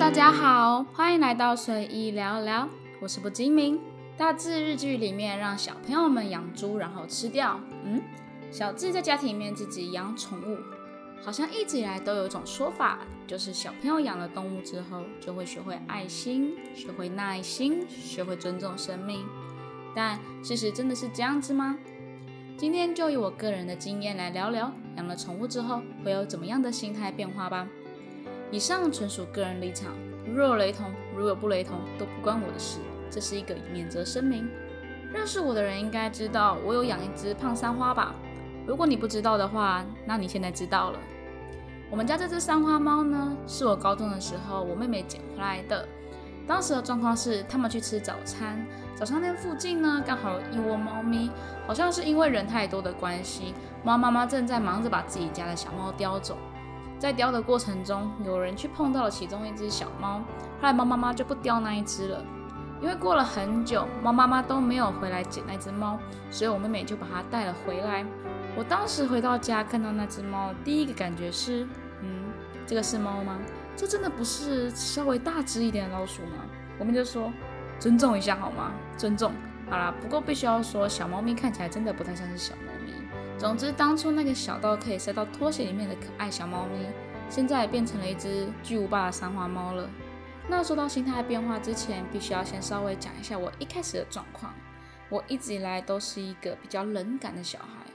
大家好，歡迎來到隨意聊聊，我是不精明。大至日劇裡面讓小朋友們養豬，然後吃掉。嗯，小至在家庭裡面自己養寵物，好像一直以來都有一種說法，就是小朋友養了動物之後就會學會愛心，學會耐心，學會尊重生命。但事實真的是這樣子嗎？今天就以我個人的經驗來聊聊，養了寵物之後會有怎麼樣的心態變化吧。以上純屬個人立場，如有雷同，如有不雷同，都不關我的事，這是一個免責聲明。認識我的人應該知道我有養一隻胖三花吧？如果你不知道的話，那你現在知道了。我們家這隻三花貓呢，是我高中的時候我妹妹撿回來的。當時的狀況是，他們去吃早餐，早餐店附近呢剛好有一窩貓咪，好像是因為人太多的關係，貓媽媽正在忙着把自己家的小貓叼走。在叼的過程中，有人去碰到了其中一隻小貓，後來貓媽媽就不叼那一隻了，因為過了很久，貓媽媽都沒有回來撿那隻貓，所以我妹妹就把它帶了回來。我當時回到家看到那隻貓，第一個感覺是，嗯，這個是貓嗎？這真的不是稍微大隻一點的老鼠嗎？我們就說尊重一下好嗎？尊重。好啦，不過必須要說，小貓咪看起來真的不太像是小貓。總之，當初那個小到可以塞到拖鞋裡面的可愛小貓咪，現在變成了一隻巨無霸的三花貓了。那說到心態的變化之前，必須要先稍微講一下我一開始的狀況。我一直以來都是一個比較冷感的小孩，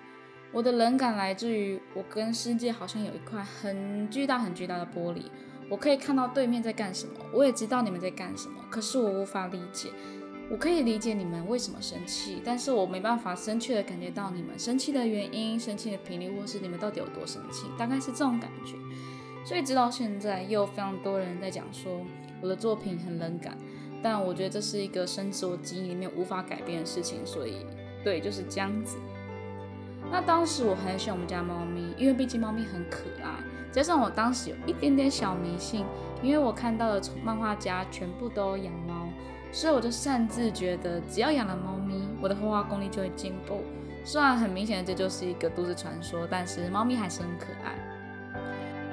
我的冷感來自於我跟世界好像有一塊很巨大、很巨大的玻璃，我可以看到對面在幹什麼，我也知道你們在幹什麼，可是我無法理解。我可以理解你們為什麼生氣，但是我沒辦法深切的感覺到你們生氣的原因，生氣的頻率，或是你們到底有多生氣，大概是這種感覺。所以直到現在，又有非常多人在講說我的作品很冷感，但我覺得這是一個深植我基因裡面無法改變的事情，所以對，就是這樣子。那當時我很喜歡我們家貓咪，因為畢竟貓咪很可愛，加上我當時有一點點小迷信，因為我看到的漫畫家全部都養貓。所以我就擅自覺得，只要養了貓咪，我的畫畫功力就會進步。雖然很明顯的這就是一個都市傳說，但是貓咪還是很可愛。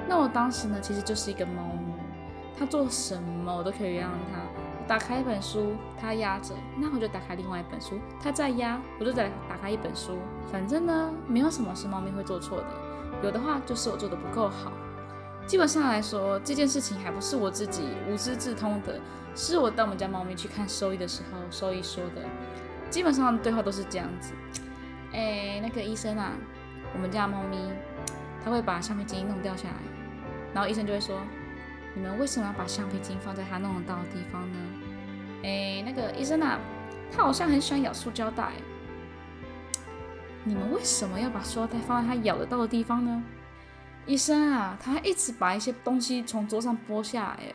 那我當時呢，其實就是一個貓咪，它做什麼我都可以原諒它。我打開一本書，它壓着；那我就打開另外一本書，它再壓；我就再打開一本書。反正呢，沒有什麼是貓咪會做錯的，有的話就是我做的不夠好。基本上來說，這件事情還不是我自己無師自通的，是我帶我們家貓咪去看獸醫的時候，獸醫說的。基本上對話都是這樣子。哎，那個醫生啊，我們家貓咪，他會把橡皮筋弄掉下來，然後醫生就會說，你們為什麼要把橡皮筋放在他弄得到的地方呢？哎，那個醫生啊，他好像很喜歡咬塑膠袋，你們為什麼要把塑膠袋放在他咬得到的地方呢？醫生啊，他一直把一些東西從桌上撥下來。哎，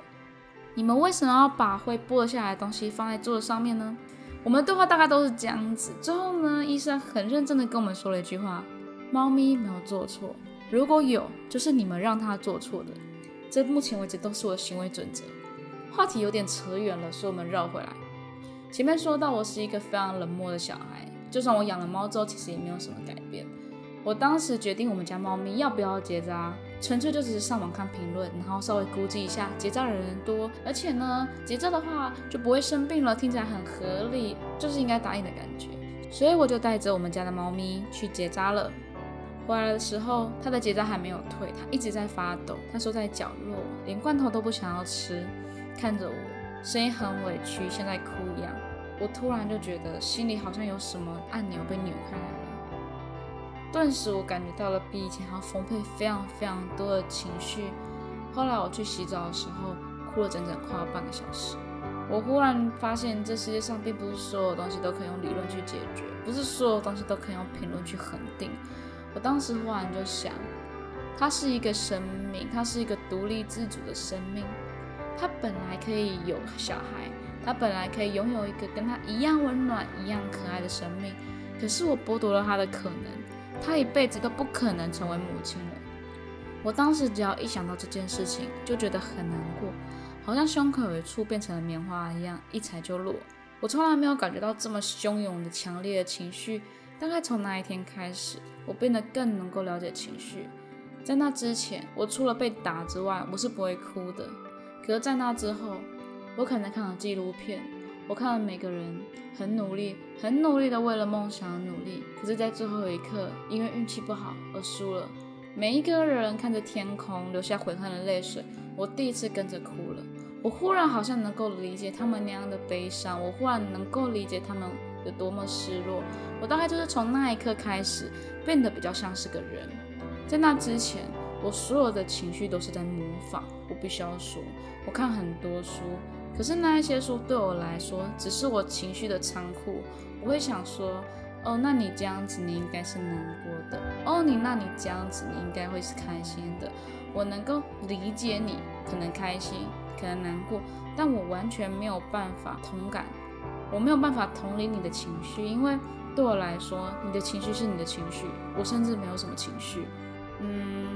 你們為什麼要把會撥下來的東西放在桌子上面呢？我們的對話大概都是這樣子。之後呢，醫生很認真地跟我們說了一句話：“貓咪沒有做錯，如果有，就是你們讓它做錯的。這目前為止都是我的行為準則。”話題有點扯遠了，所以我們繞回來。前面說到我是一個非常冷漠的小孩，就算我養了貓之後，其實也沒有什麼改變。我當時決定我們家貓咪要不要結扎，純粹就只是上網看評論，然後稍微估計一下結扎的人多，而且呢結扎的話就不會生病了，聽起來很合理，就是應該答應的感覺，所以我就帶着我們家的貓咪去結扎了。回來的時候，它的結扎還沒有退，它一直在發抖，它縮在角落，連罐頭都不想要吃，看着我，聲音很委屈，像在哭一樣。我突然就覺得心裡好像有什麼按鈕被扭開了。頓時，我感覺到了比以前還要豐沛、非常非常多的情緒。後來我去洗澡的時候，哭了整整快要半個小時。我忽然發現，這世界上並不是所有東西都可以用理論去解決，不是所有東西都可以用評論去恆定。我當時忽然就想，它是一個生命，它是一個獨立自主的生命，它本來可以有小孩，他本來可以擁有一個跟他一樣溫暖、一樣可愛的生命，可是我剝奪了他的可能。她一輩子都不可能成為母親了。我當時只要一想到這件事情，就覺得很難過，好像胸口有一處變成了棉花一樣，一踩就落。我從來沒有感覺到這麼洶湧的強烈的情緒。大概從那一天開始，我變得更能夠了解情緒。在那之前，我除了被打之外，我是不會哭的。可是，在那之後，我可能看了紀錄片。我看了每個人很努力，很努力的為了夢想而努力，可是，在最後一刻，因為運氣不好而輸了。每一個人看着天空，流下悔恨的淚水。我第一次跟着哭了。我忽然好像能夠理解他們那樣的悲傷，我忽然能夠理解他們有多麼失落。我大概就是從那一刻開始，變得比較像是個人。在那之前，我所有的情緒都是在模仿。我必須要說，我看很多書。可是那一些書對我來說，只是我情緒的倉庫。我會想說，哦，那你這樣子，你應該是難過的。哦，你那你這樣子，你應該會是開心的。我能夠理解你，可能開心，可能難過，但我完全沒有辦法同感，我沒有辦法同理你的情緒，因為對我來說，你的情緒是你的情緒，我甚至沒有什麼情緒。嗯。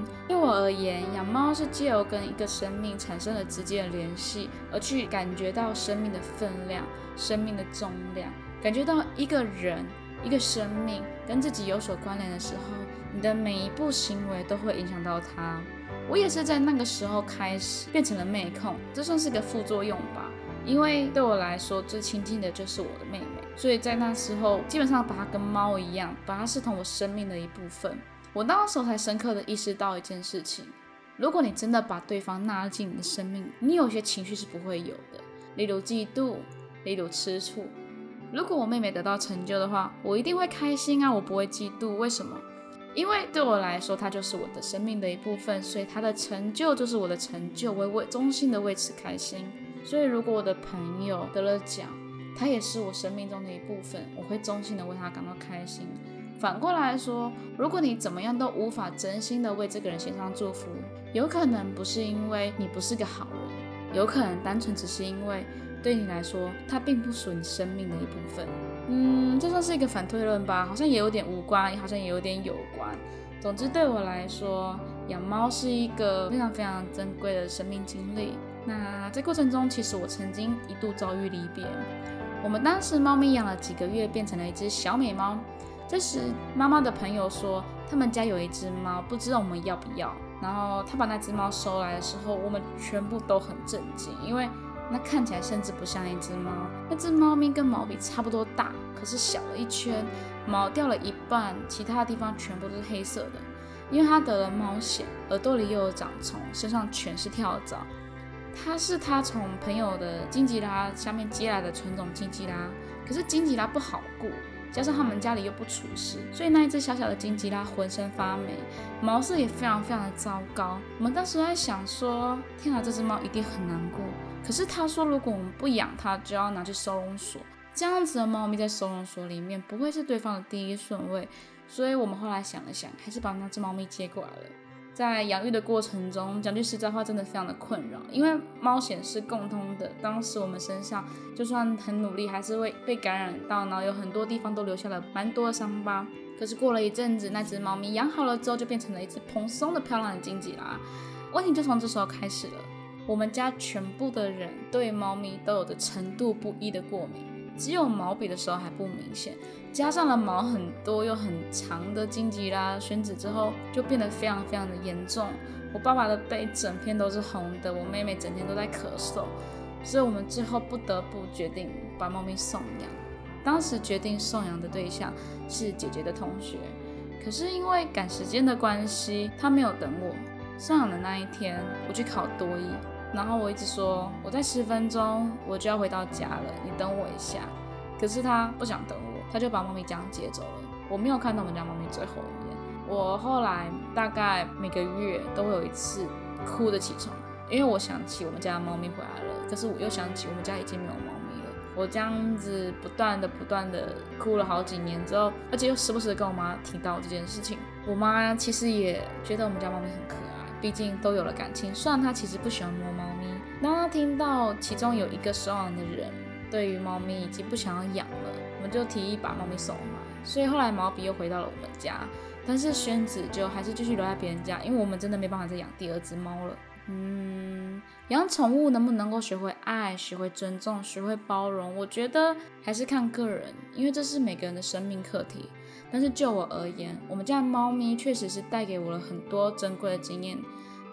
對我而言，養貓是借由跟一個生命產生了直接的聯繫，而去感覺到生命的分量、生命的重量，感覺到一個人、一個生命跟自己有所關聯的時候，你的每一步行為都會影響到它。我也是在那個時候開始變成了妹控，這算是個副作用吧。因為對我來說，最親近的就是我的妹妹，所以在那時候，基本上把它跟貓一樣，把它視同我生命的一部分。我那時候才深刻的意識到一件事情：如果你真的把對方納入進你的生命，你有些情緒是不會有的，例如嫉妒，例如吃醋。如果我妹妹得到成就的話，我一定會開心啊，我不會嫉妒。為什麼？因為對我來說，她就是我的生命的一部分，所以她的成就就是我的成就，我會衷心的為此開心。所以，如果我的朋友得了獎，她也是我生命中的一部分，我會衷心的為她感到開心。反過來說，如果你怎麼樣都無法真心的為這個人獻上祝福，有可能不是因為你不是個好人，有可能單純只是因為對你來說，它並不屬於生命的一部分。嗯，這算是一個反推論吧，好像也有點無關，好像也有點有關。總之，對我來說，養貓是一個非常非常珍貴的生命經歷。那這過程中，其實我曾經一度遭遇離別。我們當時貓咪養了幾個月，變成了一隻小美貓。這時，媽媽的朋友說他們家有一隻貓，不知道我們要不要。然後他把那隻貓收來的時候，我們全部都很震驚，因為那看起來甚至不像一隻貓。那隻貓咪跟毛筆差不多大，可是小了一圈，毛掉了一半，其他的地方全部都是黑色的。因為它得了貓癬，耳朵裡又有長蟲，身上全是跳蚤。它是他從朋友的金吉拉下面接來的純種金吉拉，可是金吉拉不好顧。加上他們家裡又不除濕，所以那一隻小小的金吉拉渾身發霉，毛色也非常非常的糟糕。我們當時在想說，天哪，這隻貓一定很難過。可是他說，如果我們不養它，就要拿去收容所。這樣子的貓咪在收容所裡面不會是對方的第一順位，所以我們後來想了想，還是把那隻貓咪接過來了。在養育的過程中，講句實在話，真的非常的困擾，因為貓癬是共通的。當時我們身上就算很努力，還是會被感染到，然後有很多地方都留下了蠻多的傷疤。可是過了一陣子，那隻貓咪養好了之後，就變成了一隻蓬鬆的漂亮的金吉拉。問題就從這時候開始了，我們家全部的人對貓咪都有着程度不一的過敏。只有毛筆的時候還不明顯，加上了毛很多又很長的荊棘啦、宣紙之後，就變得非常非常的嚴重。我爸爸的背整片都是紅的，我妹妹整天都在咳嗽，所以我們最後不得不決定把貓咪送養。當時決定送養的對象是姐姐的同學，可是因為趕時間的關係，她沒有等我。送養的那一天，我去考多益。然後我一直說，我再十分鐘我就要回到家了，你等我一下。可是他不想等我，他就把貓咪這樣接走了。我沒有看到我們家貓咪最後一眼。我後來大概每個月都會有一次哭著起床，因為我想起我們家的貓咪回來了，可是我又想起我們家已經沒有貓咪了。我這樣子不斷的不斷的哭了好幾年之後，而且又時不時跟我媽提到這件事情。我媽其實也覺得我們家貓咪很可愛。畢竟都有了感情，雖然他其實不喜歡摸貓咪，但當他聽到其中有一個收養的人對於貓咪已經不想要養了，我們就提議把貓咪收買，所以後來毛筆又回到了我們家，但是宣紙就還是繼續留在別人家，因為我們真的沒辦法再養第二隻貓了。嗯，養寵物能不能夠學會愛、學會尊重、學會包容，我覺得還是看個人，因為這是每個人的生命課題。但是就我而言，我們家的貓咪確實是帶給我了很多珍貴的經驗。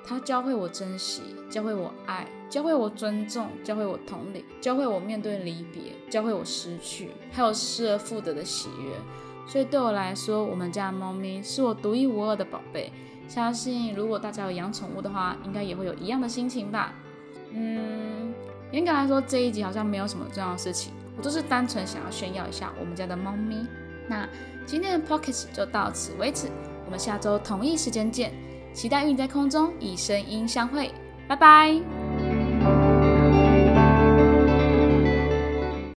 它教會我珍惜，教會我愛，教會我尊重，教會我同理，教會我面對離別，教會我失去，還有失而復得的喜悅。所以對我來說，我們家的貓咪是我獨一無二的寶貝。相信如果大家有養寵物的話，應該也會有一樣的心情吧？嗯，嚴格來說，這一集好像沒有什麼重要的事情，我就是單純想要炫耀一下我們家的貓咪。那今天的 podcast 就到此為止，我們下周同一時間見，期待與你在空中以聲音相會，拜拜。